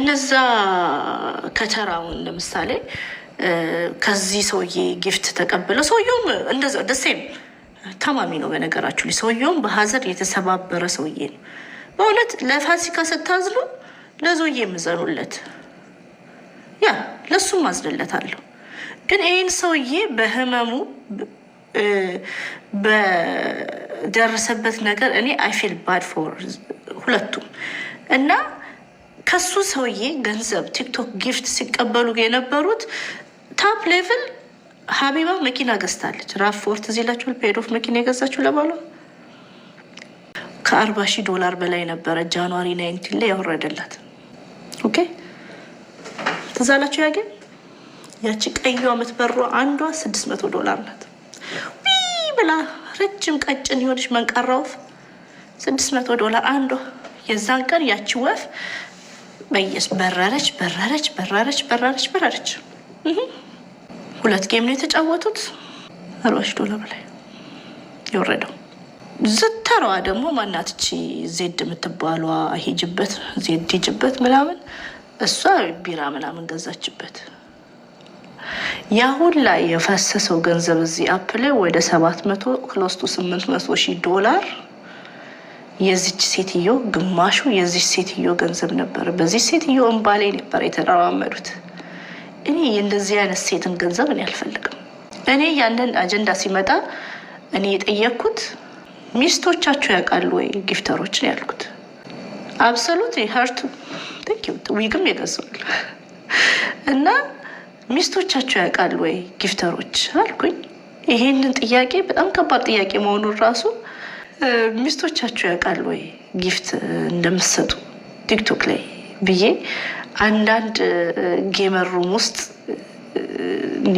እነዛ ከተራውን ለምሳሌ ከዚህ ሰውዬ ጊፍት ተቀብለው ሰውየውም እንደዛ ደሴም ታማሚ ነው። በነገራችሁ ላይ ሰውየውም በሀዘን የተሰባበረ ሰውዬ ነው። በእውነት ለፋሲካ ስታዝኑ ለዞዬ የምዘኑለት ያ ለሱም አዝንለታለሁ። ግን ይህን ሰውዬ በህመሙ በደረሰበት ነገር እኔ አይፌል ባድ ፎር ሁለቱም እና ከሱ ሰውዬ ገንዘብ ቲክቶክ ጊፍት ሲቀበሉ የነበሩት ታፕ ሌቭል ሀቢባ መኪና ገዝታለች። ራፎርት እዚህ ላችሁል ፔዶፍ መኪና የገዛችሁ ለባሉ ከአርባ ሺህ ዶላር በላይ ነበረ ጃንዋሪ ናይንቲን ላይ ያወረደላት። ኦኬ ትዝ አላችሁ? ያቺ ቀዩ አመት የምትበሯ አንዷ ስድስት መቶ ዶላር ናት። ዊይ ብላ ረጅም ቀጭን የሆነች መንቀራ ወፍ ስድስት መቶ ዶላር አንዷ። የዛን ቀን ያቺ ወፍ በየስ በረረች በረረች በረረች በረረች በረረች። ሁለት ጌም ነው የተጫወቱት፣ ሮሽ ዶላር በላይ የወረደው። ዝተረዋ ደግሞ እቺ ዜድ የምትባሏ ሂጅበት ዜድ ሂጅበት ምናምን እሷ ቢራ ምናምን ገዛችበት። ያሁን ላይ የፈሰሰው ገንዘብ እዚህ አፕ ወደ ሰባት መቶ ክሎስቱ ስምንት መቶ ሺህ ዶላር የዚች ሴትዮ ግማሹ የዚች ሴትዮ ገንዘብ ነበር። በዚች ሴትዮ እንባ ላይ ነበር የተረማመዱት። እኔ የእንደዚህ አይነት ሴትን ገንዘብ እኔ አልፈልግም። እኔ ያንን አጀንዳ ሲመጣ እኔ የጠየቅኩት ሚስቶቻቸው ያውቃሉ ወይ ጊፍተሮችን ያልኩት። አብሰሉት ሀርቱ ዊግም ይገዛል እና ሚስቶቻቸው ያውቃሉ ወይ ጊፍተሮች አልኩኝ። ይሄንን ጥያቄ በጣም ከባድ ጥያቄ መሆኑን ራሱ ሚስቶቻችሁ ያውቃል ወይ ጊፍት እንደምትሰጡ ቲክቶክ ላይ ብዬ አንዳንድ ጌመር ሩም ውስጥ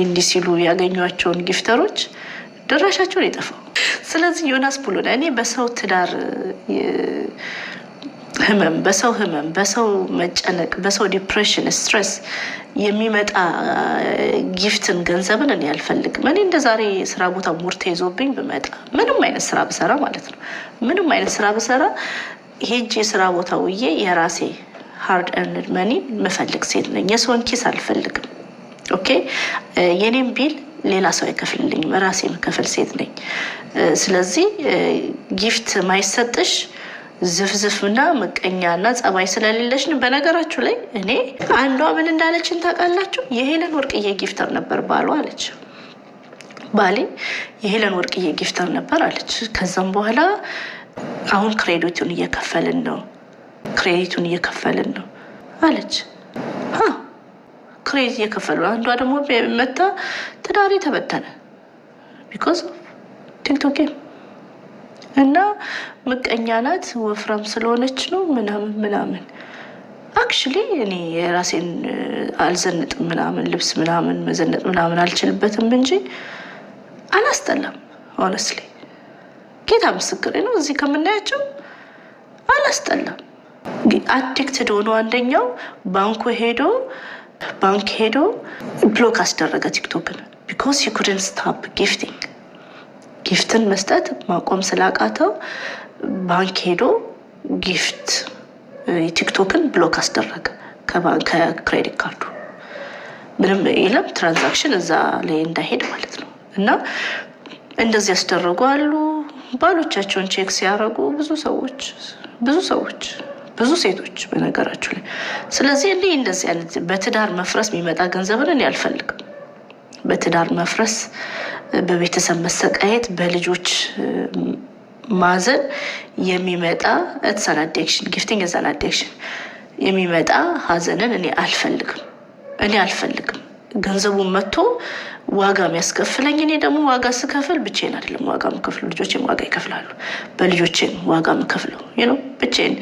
እንዲህ ሲሉ ያገኟቸውን ጊፍተሮች ድራሻቸውን የጠፋው። ስለዚህ ዮናስ ፖሎዳ እኔ በሰው ትዳር ህመም በሰው ህመም በሰው መጨነቅ በሰው ዲፕሬሽን ስትረስ የሚመጣ ጊፍትን ገንዘብን እኔ አልፈልግም። እኔ እንደ ዛሬ ስራ ቦታ ሙር ተይዞብኝ ብመጣ ምንም አይነት ስራ ብሰራ ማለት ነው ምንም አይነት ስራ ብሰራ ሄጅ የስራ ቦታ ውዬ የራሴ ሃርድ እርንድ መኒ ምፈልግ ሴት ነኝ። የሰውን ኪስ አልፈልግም። ኦኬ የኔም ቢል ሌላ ሰው አይከፍልልኝም፣ ራሴ ምከፍል ሴት ነኝ። ስለዚህ ጊፍት ማይሰጥሽ ዝፍዝፍ እና ምቀኛ እና ጸባይ ስለሌለችን። በነገራችሁ ላይ እኔ አንዷ ምን እንዳለችን ታውቃላችሁ? የሄለን ወርቅዬ ጊፍተር ነበር ባሉ አለች። ባሌ የሄለን ወርቅዬ ጊፍተር ነበር አለች። ከዛም በኋላ አሁን ክሬዲቱን እየከፈልን ነው፣ ክሬዲቱን እየከፈልን ነው አለች። ክሬዲት እየከፈሉ አንዷ ደግሞ መታ ትዳሬ ተበተነ ቢኮዝ ቲክቶክ እና ምቀኛ ናት፣ ወፍራም ስለሆነች ነው ምናምን ምናምን። አክቹሊ እኔ የራሴን አልዘንጥም ምናምን ልብስ ምናምን መዘነጥ ምናምን አልችልበትም እንጂ አላስጠላም። ሆነስሊ ጌታ ምስክሬ ነው። እዚህ ከምናያቸው አላስጠላም። አዲክትድ ሆኖ አንደኛው ባንኩ ሄዶ ባንክ ሄዶ ብሎክ አስደረገ ቲክቶክን ቢኮዝ ዩ ኩድንት ስታፕ ጊፍቲንግ ጊፍትን መስጠት ማቆም ስላቃተው ባንክ ሄዶ ጊፍት ቲክቶክን ብሎክ አስደረገ ከክሬዲት ካርዱ ምንም የለም ትራንዛክሽን እዛ ላይ እንዳይሄድ ማለት ነው። እና እንደዚህ ያስደረጉ አሉ። ባሎቻቸውን ቼክ ሲያደርጉ ብዙ ሰዎች ብዙ ሰዎች ብዙ ሴቶች በነገራችሁ ላይ። ስለዚህ እኔ እንደዚህ አይነት በትዳር መፍረስ የሚመጣ ገንዘብን እኔ አልፈልግም። በትዳር መፍረስ በቤተሰብ መሰቃየት፣ በልጆች ማዘን የሚመጣ እትሳን አዲክሽን ጊፍቲንግ እዛን አዲክሽን የሚመጣ ሀዘንን እኔ አልፈልግም እኔ አልፈልግም። ገንዘቡን መጥቶ ዋጋ የሚያስከፍለኝ እኔ ደግሞ ዋጋ ስከፍል ብቼን አይደለም ዋጋ ምከፍሉ ልጆቼም ዋጋ ይከፍላሉ። በልጆቼም ዋጋ ምከፍለው ነው። ብቼን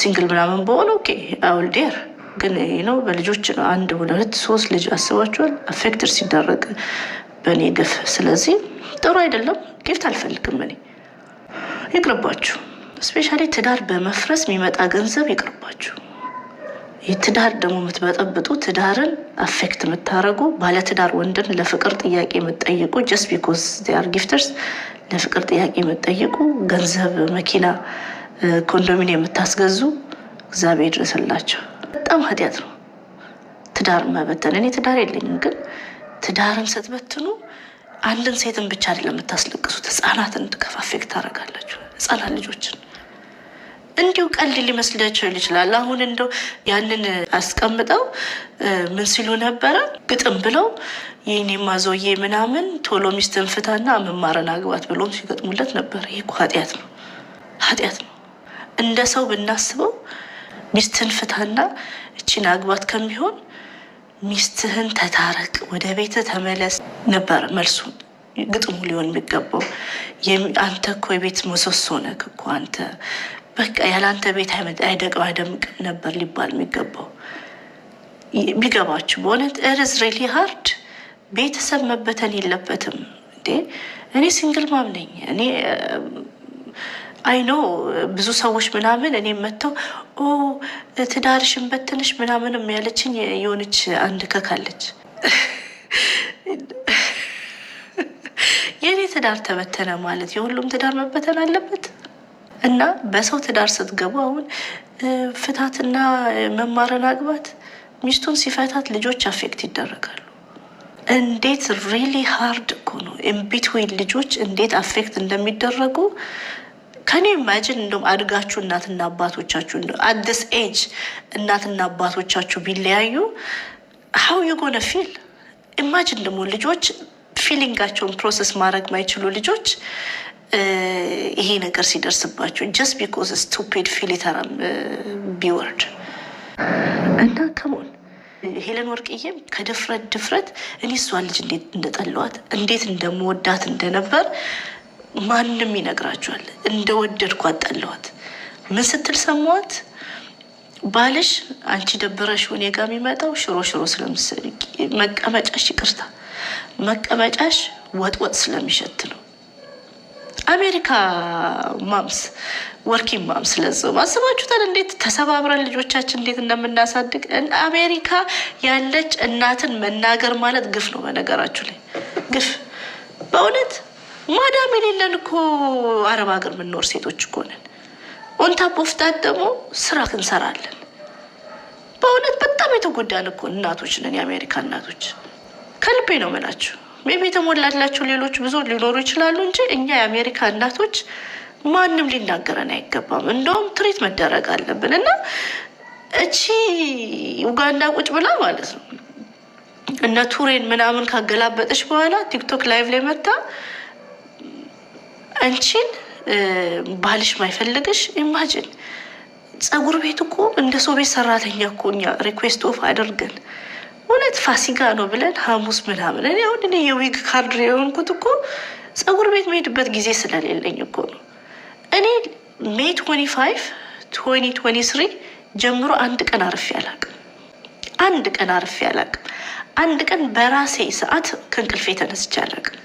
ሲንግል ምናምን በሆነ ኦኬ አውልዴር ግን ነው በልጆች ነው። አንድ ሁለት ሶስት ልጅ አስባችኋል። አፌክትር ሲደረግ በእኔ ግፍ። ስለዚህ ጥሩ አይደለም። ጊፍት አልፈልግም እኔ። ይቅርባችሁ። እስፔሻሊ ትዳር በመፍረስ የሚመጣ ገንዘብ ይቅርባችሁ። ትዳር ደግሞ የምትበጠብጡ ትዳርን አፌክት የምታደርጉ ባለትዳር ወንድን ለፍቅር ጥያቄ የምትጠይቁ ጀስት ቢኮዝ ዚአር ጊፍተርስ ለፍቅር ጥያቄ የምትጠይቁ ገንዘብ፣ መኪና፣ ኮንዶሚኒየም የምታስገዙ እግዚአብሔር ይድረስላቸው። በጣም ኃጢአት ነው ትዳር መበተን። እኔ ትዳር የለኝም ግን ትዳርን ስትበትኑ አንድን ሴትን ብቻ አይደለም የምታስለቅሱት፣ ህጻናትን እንድከፋፌክ ታደርጋላችሁ። ህጻናት ልጆችን እንዲሁ ቀልድ ሊመስላቸው ይችላል። አሁን እንደው ያንን አስቀምጠው ምን ሲሉ ነበረ ግጥም ብለው ይህኔ ማዞዬ ምናምን ቶሎ ሚስትን ፍታና መማረን አግባት ብሎም ሲገጥሙለት ነበር። ይህ ኃጢአት ነው፣ ኃጢአት ነው። እንደ ሰው ብናስበው ሚስትን ፍታና እቺን አግባት ከሚሆን ሚስትህን ተታረቅ፣ ወደ ቤት ተመለስ ነበር መልሱ ግጥሙ ሊሆን የሚገባው። አንተ እኮ የቤት ምሰሶ ነህ እኮ አንተ በቃ ያለአንተ ቤት አይደቅ አይደምቅም ነበር ሊባል የሚገባው ቢገባችሁ በእውነት እርዝ ሬሊ ሀርድ ቤተሰብ መበተን የለበትም እንዴ። እኔ ሲንግል ማም ነኝ እኔ አይኖ ብዙ ሰዎች ምናምን እኔም መጥተው ኦ ትዳርሽን በትንሽ ምናምንም ያለችኝ የሆነች አንድ ከካለች የእኔ ትዳር ተበተነ ማለት የሁሉም ትዳር መበተን አለበት እና በሰው ትዳር ስትገቡ አሁን ፍታትና መማርን አግባት ሚስቱን ሲፈታት ልጆች አፌክት ይደረጋሉ። እንዴት ሪሊ ሃርድ እኮ ነው ኢንቢትዊን ልጆች እንዴት አፌክት እንደሚደረጉ ከኔ ኢማጅን እንደም አድጋችሁ እናትና አባቶቻችሁ አዲስ ኤጅ እናትና አባቶቻችሁ ቢለያዩ ሀው የጎነ ፊል ኢማጅን ደግሞ ልጆች ፊሊንጋቸውን ፕሮሰስ ማድረግ ማይችሉ ልጆች ይሄ ነገር ሲደርስባቸው ጀስት ቢኮዝ ስቱፒድ ፊሊተራም ቢወርድ እና ከሞን ሄለን ወርቅዬም ከድፍረት ድፍረት እኔ እሷ ልጅ እንዴት እንደጠለዋት እንዴት እንደመወዳት እንደነበር ማንም ይነግራቸዋል። እንደወደድኩ አጣለዋት። ምን ስትል ሰማዋት? ባልሽ አንቺ ደበረሽ እኔ ጋ የሚመጣው ሽሮ ሽሮ ስለምስል መቀመጫሽ፣ ይቅርታ መቀመጫሽ ወጥወጥ ስለሚሸት ነው። አሜሪካ ማምስ ወርኪንግ ማምስ ለዘው አስባችሁታል? እንዴት ተሰባብረን ልጆቻችን እንዴት እንደምናሳድግ አሜሪካ ያለች እናትን መናገር ማለት ግፍ ነው። በነገራችሁ ላይ ግፍ በእውነት ማዳም የሌለን እኮ አረብ ሀገር የምንኖር ሴቶች እኮ ነን። ኦንታፕ ደግሞ ስራ እንሰራለን። በእውነት በጣም የተጎዳን እኮ እናቶች ነን፣ የአሜሪካ እናቶች። ከልቤ ነው የምላችሁ። ሜቢ የተሞላላቸው ሌሎች ብዙ ሊኖሩ ይችላሉ እንጂ እኛ የአሜሪካ እናቶች ማንም ሊናገረን አይገባም። እንደውም ትሪት መደረግ አለብን እና እቺ ኡጋንዳ ቁጭ ብላ ማለት ነው እነ ቱሬን ምናምን ካገላበጠች በኋላ ቲክቶክ ላይቭ ላይ መታ አንቺን ባልሽ ማይፈልግሽ ኢማጅን ጸጉር ቤት እኮ እንደ ሰው ቤት ሰራተኛ እኮ እኛ ሪኩዌስት ኦፍ አድርገን እውነት ፋሲካ ነው ብለን ሐሙስ ምናምን እኔ አሁን እኔ የዊግ ካርድ የሆንኩት እኮ ጸጉር ቤት መሄድበት ጊዜ ስለሌለኝ እኮ ነው። እኔ ሜይ ትዌንቲ ፋይቭ ስሪ ጀምሮ አንድ ቀን አርፌ አላቅም። አንድ ቀን አርፌ አላቅም። አንድ ቀን በራሴ ሰዓት ከእንቅልፌ ተነስቼ አላቅም።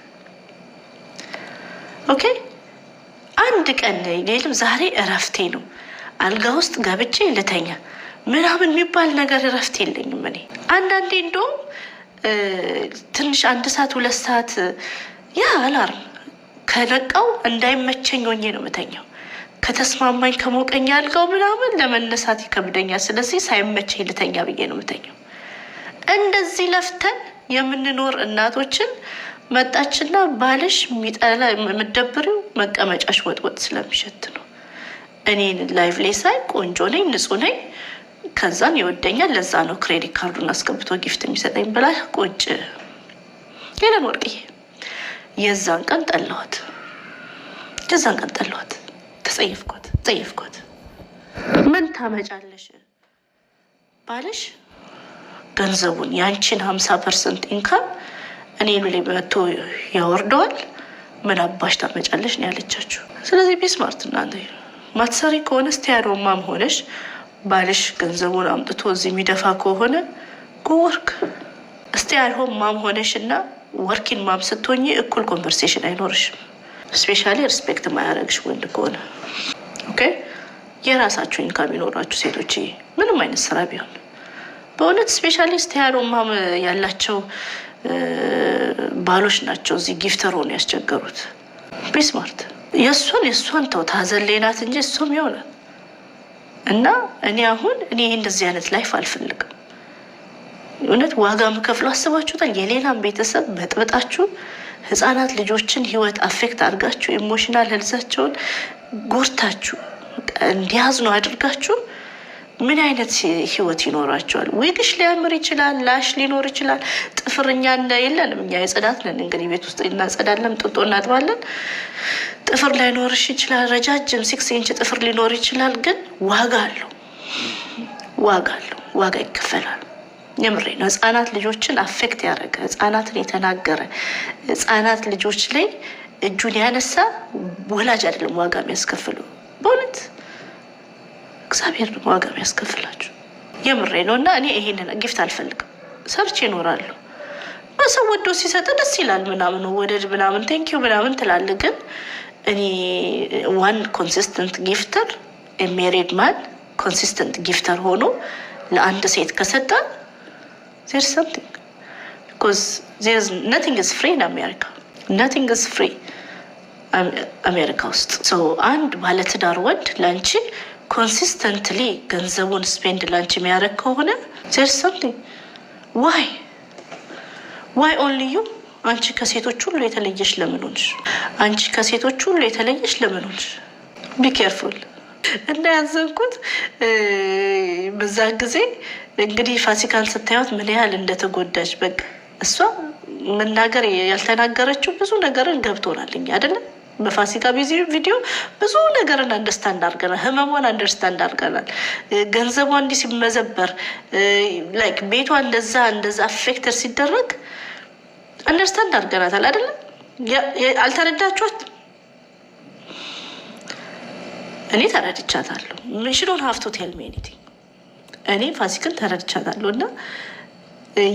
ኦኬ አንድ ቀን ሌልም ዛሬ እረፍቴ ነው አልጋ ውስጥ ገብቼ ልተኛ ምናምን የሚባል ነገር እረፍት የለኝም። እኔ አንዳንዴ እንደውም ትንሽ አንድ ሰዓት ሁለት ሰዓት ያ አላርም ከነቃው እንዳይመቸኝ ሆኜ ነው የምተኛው። ከተስማማኝ ከሞቀኝ አልጋው ምናምን ለመነሳት ይከብደኛል። ስለዚህ ሳይመቸኝ ልተኛ ብዬ ነው የምተኛው። እንደዚህ ለፍተን የምንኖር እናቶችን መጣችና ባልሽ የሚጠላ የምደብሪው መቀመጫሽ ወጥወጥ ስለሚሸት ነው። እኔን ላይቭ ላይ ሳይ ቆንጆ ነኝ፣ ንጹህ ነኝ፣ ከዛን ይወደኛል፣ ለዛ ነው ክሬዲት ካርዱን አስገብቶ ጊፍት የሚሰጠኝ ብላ ቁጭ ሄደን ወርቅዬ፣ የዛን ቀን ጠላኋት፣ የዛን ቀን ጠላኋት፣ ተጸየፍኳት፣ ጸየፍኳት። ምን ታመጫለሽ ባልሽ ገንዘቡን ያንቺን ሀምሳ ፐርሰንት ኢንካም እኔ ምን መቶ ያወርደዋል። ምን አባሽ ታመጫለሽ ነው ያለቻችሁ። ስለዚህ ቢስማርት እናንተ ማትሰሪ ከሆነ ስቲያዶማም ሆነሽ ባልሽ ገንዘቡን አምጥቶ እዚህ የሚደፋ ከሆነ ጎወርክ እስቲ አይሆን ማም ሆነሽ እና ወርኪን ማም ስትሆኝ እኩል ኮንቨርሴሽን አይኖርሽም። ስፔሻሊ ሪስፔክት ማያደረግሽ ወንድ ከሆነ ኦኬ። የራሳችሁ ኢንካም ይኖራችሁ ሴቶች፣ ምንም አይነት ስራ ቢሆን በእውነት ስፔሻሊ ማም ያላቸው ባሎች ናቸው እዚህ ጊፍተሮን ያስቸገሩት። ቢስማርት የእሷን የእሷን ተው ታዘሌናት እንጂ እሷም ይሆናል እና እኔ አሁን እኔ እንደዚህ አይነት ላይፍ አልፈልግም። እውነት ዋጋ ምከፍሎ አስባችሁታል። የሌላም ቤተሰብ በጥብጣችሁ ህፃናት ልጆችን ህይወት አፌክት አድርጋችሁ ኢሞሽናል ህልዛቸውን ጎርታችሁ እንዲያዝኑ አድርጋችሁ ምን አይነት ህይወት ይኖራቸዋል? ዊግሽ ሊያምር ይችላል፣ ላሽ ሊኖር ይችላል። ጥፍርኛ የለንም እኛ የጽዳት ነን። እንግዲህ ቤት ውስጥ እናጸዳለን፣ ጥጦ እናጥባለን። ጥፍር ላይኖርሽ ይችላል። ረጃጅም ሲክስ ኢንች ጥፍር ሊኖር ይችላል። ግን ዋጋ አለው፣ ዋጋ አለው፣ ዋጋ ይከፈላል። የምሬ ነው። ህጻናት ልጆችን አፌክት ያደረገ ህጻናትን የተናገረ ህጻናት ልጆች ላይ እጁን ያነሳ ወላጅ አይደለም ዋጋ የሚያስከፍሉ በእውነት እግዚአብሔር ደግሞ ዋጋ ያስከፍላችሁ። የምሬ ነው እና እኔ ይሄንን ጊፍት አልፈልግም። ሰርች ይኖራሉ። በሰው ወዶ ሲሰጥ ደስ ይላል ምናምን ወደድ ምናምን ቴንኪዩ ምናምን ትላለ። ግን እኔ ዋን ኮንሲስተንት ጊፍተር ሜሪድ ማን ኮንሲስተንት ጊፍተር ሆኖ ለአንድ ሴት ከሰጠ ዜር ሰምቲንግ ቢኮዝ ነቲንግ ስ ፍሪ አሜሪካ ነቲንግ ስ ፍሪ አሜሪካ ውስጥ አንድ ባለትዳር ወንድ ለአንቺ ኮንሲስተንትሊ ገንዘቡን ስፔንድ ላንች የሚያደርግ ከሆነ ጀርሰምቲ ዋይ ዋይ ኦንሊ ዩ አንቺ ከሴቶች ሁሉ የተለየሽ ለምኖች አንቺ ከሴቶች ሁሉ የተለየሽ ለምኖች ቢኬርፉል እና ያዘንኩት በዛ ጊዜ እንግዲህ ፋሲካን ስታዩት ምን ያህል እንደተጎዳች በቃ እሷ መናገር ያልተናገረችው ብዙ ነገርን ገብቶናል እኛ አይደለም በፋሲካ ቢዚ ቪዲዮ ብዙ ነገርን አንደርስታንድ አድርገናል። ህመሟን አንደርስታንድ አድርገናል። ገንዘቧ እንዲህ ሲመዘበር ላይክ ቤቷ እንደዛ እንደዛ አፌክተር ሲደረግ አንደርስታንድ አድርገናታል። አይደለም አልተረዳችኋት? እኔ ተረድቻታለሁ። ምንሽሎን ሀፍቶ ቴል ሚ ኤኒቲንግ እኔ ፋሲክን ተረድቻታለሁ እና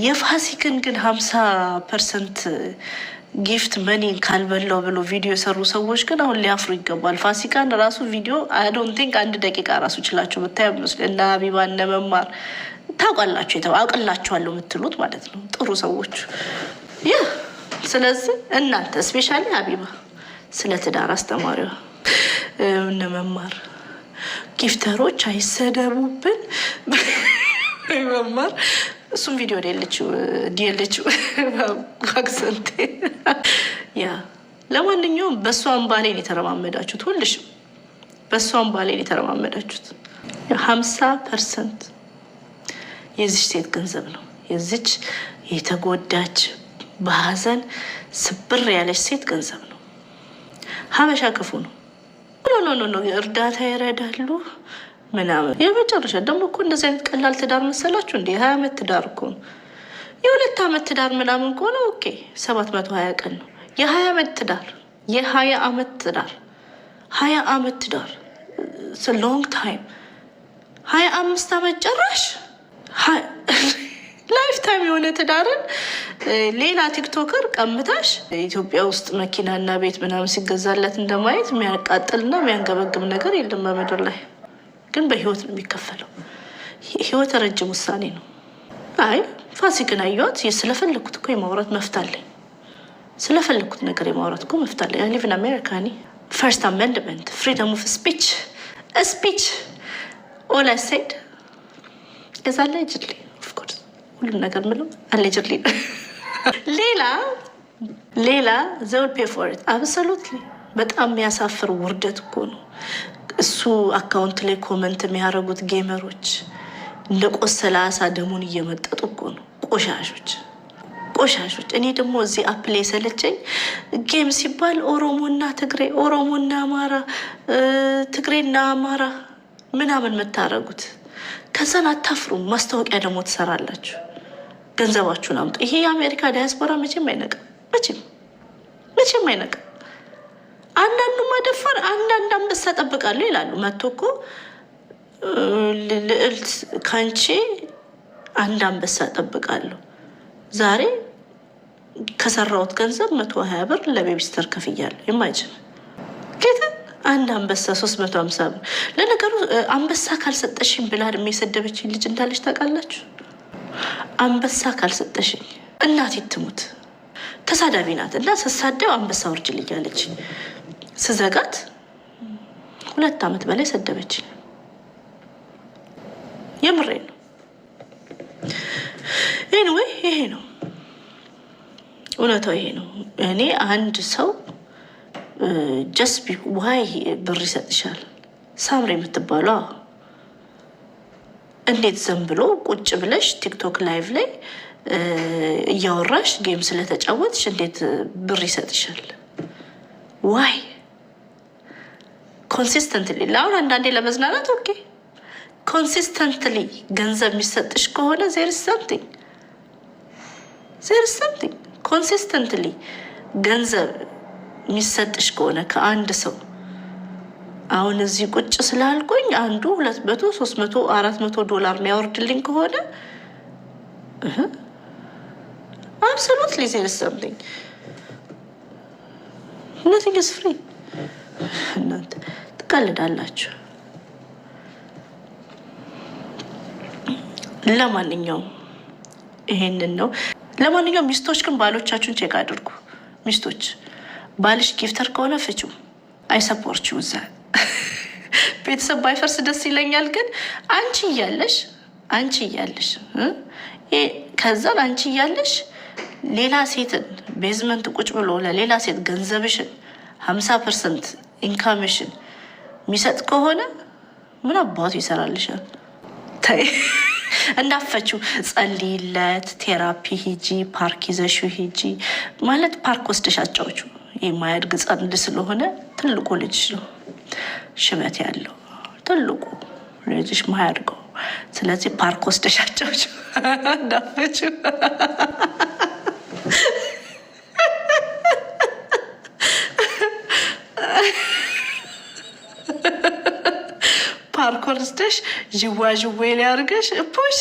የፋሲክን ግን ሀምሳ ፐርሰንት ጊፍት መኒን ካልበላው ብሎ ቪዲዮ የሰሩ ሰዎች ግን አሁን ሊያፍሩ ይገባል። ፋሲካን ራሱ ቪዲዮ አዶን ቲንክ አንድ ደቂቃ ራሱ ችላቸው ብታይ መስሎኝ እና ሀቢባን ለመማር ታውቃላችሁ የተባ አውቅላችኋለሁ የምትሉት ማለት ነው ጥሩ ሰዎች ያ ስለዚህ እናንተ ስፔሻሊ ሀቢባ ስለ ትዳር አስተማሪዋ ለመማር ጊፍተሮች አይሰደቡብን መማር እሱም ቪዲዮ ሌለችው ዲየለችው አክሰንቴ ያ ለማንኛውም በእሷን ባሌን የተረማመዳችሁት ሁልሽም በእሷን ባሌን የተረማመዳችሁት ሀምሳ ፐርሰንት የዚች ሴት ገንዘብ ነው። የዚች የተጎዳች በሀዘን ስብር ያለች ሴት ገንዘብ ነው። ሀበሻ ክፉ ነው። ኖ ኖ ኖ እርዳታ ይረዳሉ ምናምን የመጨረሻ ደግሞ እኮ እንደዚህ አይነት ቀላል ትዳር መሰላችሁ እንዴ? ሀያ ዓመት ትዳር እኮ ነው። የሁለት ዓመት ትዳር ምናምን ከሆነ ኦኬ ሰባት መቶ ሀያ ቀን ነው። የሀያ ዓመት ትዳር የሀያ ዓመት ትዳር ሀያ ዓመት ትዳር ሎንግ ታይም ሀያ አምስት ዓመት ጨራሽ ላይፍ ታይም የሆነ ትዳርን ሌላ ቲክቶከር ቀምታሽ ኢትዮጵያ ውስጥ መኪናና ቤት ምናምን ሲገዛለት እንደማየት የሚያቃጥልና የሚያንገበግብ ነገር የለም በምድር ላይ። ግን በህይወት ነው የሚከፈለው። ህይወት ረጅም ውሳኔ ነው። አይ ፋሲክን አየኋት። ስለፈለግኩት እኮ የማውራት መፍት አለኝ። ስለፈለግኩት ነገር የማውራት እኮ መፍት አለኝ። አይ አሜሪካ ፈርስት አሜንድመንት ፍሪደም ኦፍ ስፒች ስፒች ኦል አይ ሴድ እዛ አለጅሊ ኦፍኮርስ ሁሉም ነገር ምለው አለጅሊ ሌላ ሌላ ዘውል ፔፎርት ፎር አብሶሉትሊ በጣም የሚያሳፍር ውርደት እኮ ነው። እሱ አካውንት ላይ ኮመንት የሚያደርጉት ጌመሮች እንደ ቆሰለ አሳ ደሙን እየመጠጡ እኮ ነው። ቆሻሾች ቆሻሾች። እኔ ደግሞ እዚህ አፕ ላይ የሰለቸኝ ጌም ሲባል ኦሮሞና ትግሬ፣ ኦሮሞና አማራ፣ ትግሬና አማራ ምናምን የምታደርጉት ከዛን አታፍሩም። ማስታወቂያ ደግሞ ትሰራላችሁ። ገንዘባችሁን አምጡ። ይሄ የአሜሪካ ዳያስፖራ መቼም አይነቃም። መቼም መቼም አይነቃም። አንዳንዱ ማደፈር አንዳንድ አንበሳ ጠብቃለሁ ይላሉ። መቶ እኮ ልዕልት ካንቺ አንድ አንበሳ ጠብቃለሁ። ዛሬ ከሰራሁት ገንዘብ መቶ ሀያ ብር ለቤቢስተር ከፍያለሁ። የማይችል ጌታ አንድ አንበሳ ሶስት መቶ ሀምሳ ብር። ለነገሩ አንበሳ ካልሰጠሽኝ ብላ የሰደበችኝ ልጅ እንዳለች ታውቃላችሁ? አንበሳ ካልሰጠሽኝ እናት ትሙት ተሳዳቢ ናት እና ስሳደው አንበሳ ውርጅልኝ ስዘጋት ሁለት ዓመት በላይ ሰደበች የምሬ ነው። ኤኒዌይ ይሄ ነው እውነታው፣ ይሄ ነው። እኔ አንድ ሰው ጀስቢ ዋይ ብር ይሰጥሻል ሳምሬ የምትባለው እንዴት ዘን ብሎ ቁጭ ብለሽ ቲክቶክ ላይቭ ላይ እያወራሽ ጌም ስለተጫወትሽ እንዴት ብር ይሰጥሻል? ዋይ ኮንሲስተንትሊ ለአሁን አንዳንዴ ለመዝናናት ኦኬ፣ ኮንሲስተንትሊ ገንዘብ የሚሰጥሽ ከሆነ ዜር ሰምቲንግ ዜር ሰምቲንግ ኮንሲስተንትሊ ገንዘብ የሚሰጥሽ ከሆነ ከአንድ ሰው አሁን እዚህ ቁጭ ስላልቆኝ አንዱ ሁለት መቶ ሶስት መቶ አራት መቶ ዶላር የሚያወርድልኝ ከሆነ አብሶሉትሊ ዜር ሰምቲንግ ነቲንግ ኢዝ ፍሪ እናንተ ትቀልዳላችሁ። ለማንኛውም ይሄንን ነው። ለማንኛውም ሚስቶች ግን ባሎቻችሁን ቼክ አድርጉ። ሚስቶች ባልሽ ጊፍተር ከሆነ ፍቺው። አይሰፖርች ውዛ ቤተሰብ ባይፈርስ ደስ ይለኛል። ግን አንቺ እያለሽ አንቺ እያለሽ ከዛን አንቺ እያለሽ ሌላ ሴትን ቤዝመንት ቁጭ ብሎ ለሌላ ሴት ገንዘብሽን ሀምሳ ፐርሰንት ኢንካምሽን የሚሰጥ ከሆነ ምን አባቱ ይሰራልሻል? ተይ እንዳፈችው ጸልይለት፣ ቴራፒ ሂጂ፣ ፓርክ ይዘሽው ሂጂ ማለት ፓርክ ወስደሽ አጫዎቹ። የማያድግ ጸንድ ስለሆነ ትልቁ ልጅሽ ነው ሽበት ያለው ትልቁ ልጅሽ ማያድገው። ስለዚህ ፓርክ ወስደሽ አጫዎቹ እንዳፈችው አልኮል ስደሽ ዥዋ ሊያርገሽ እቦሽ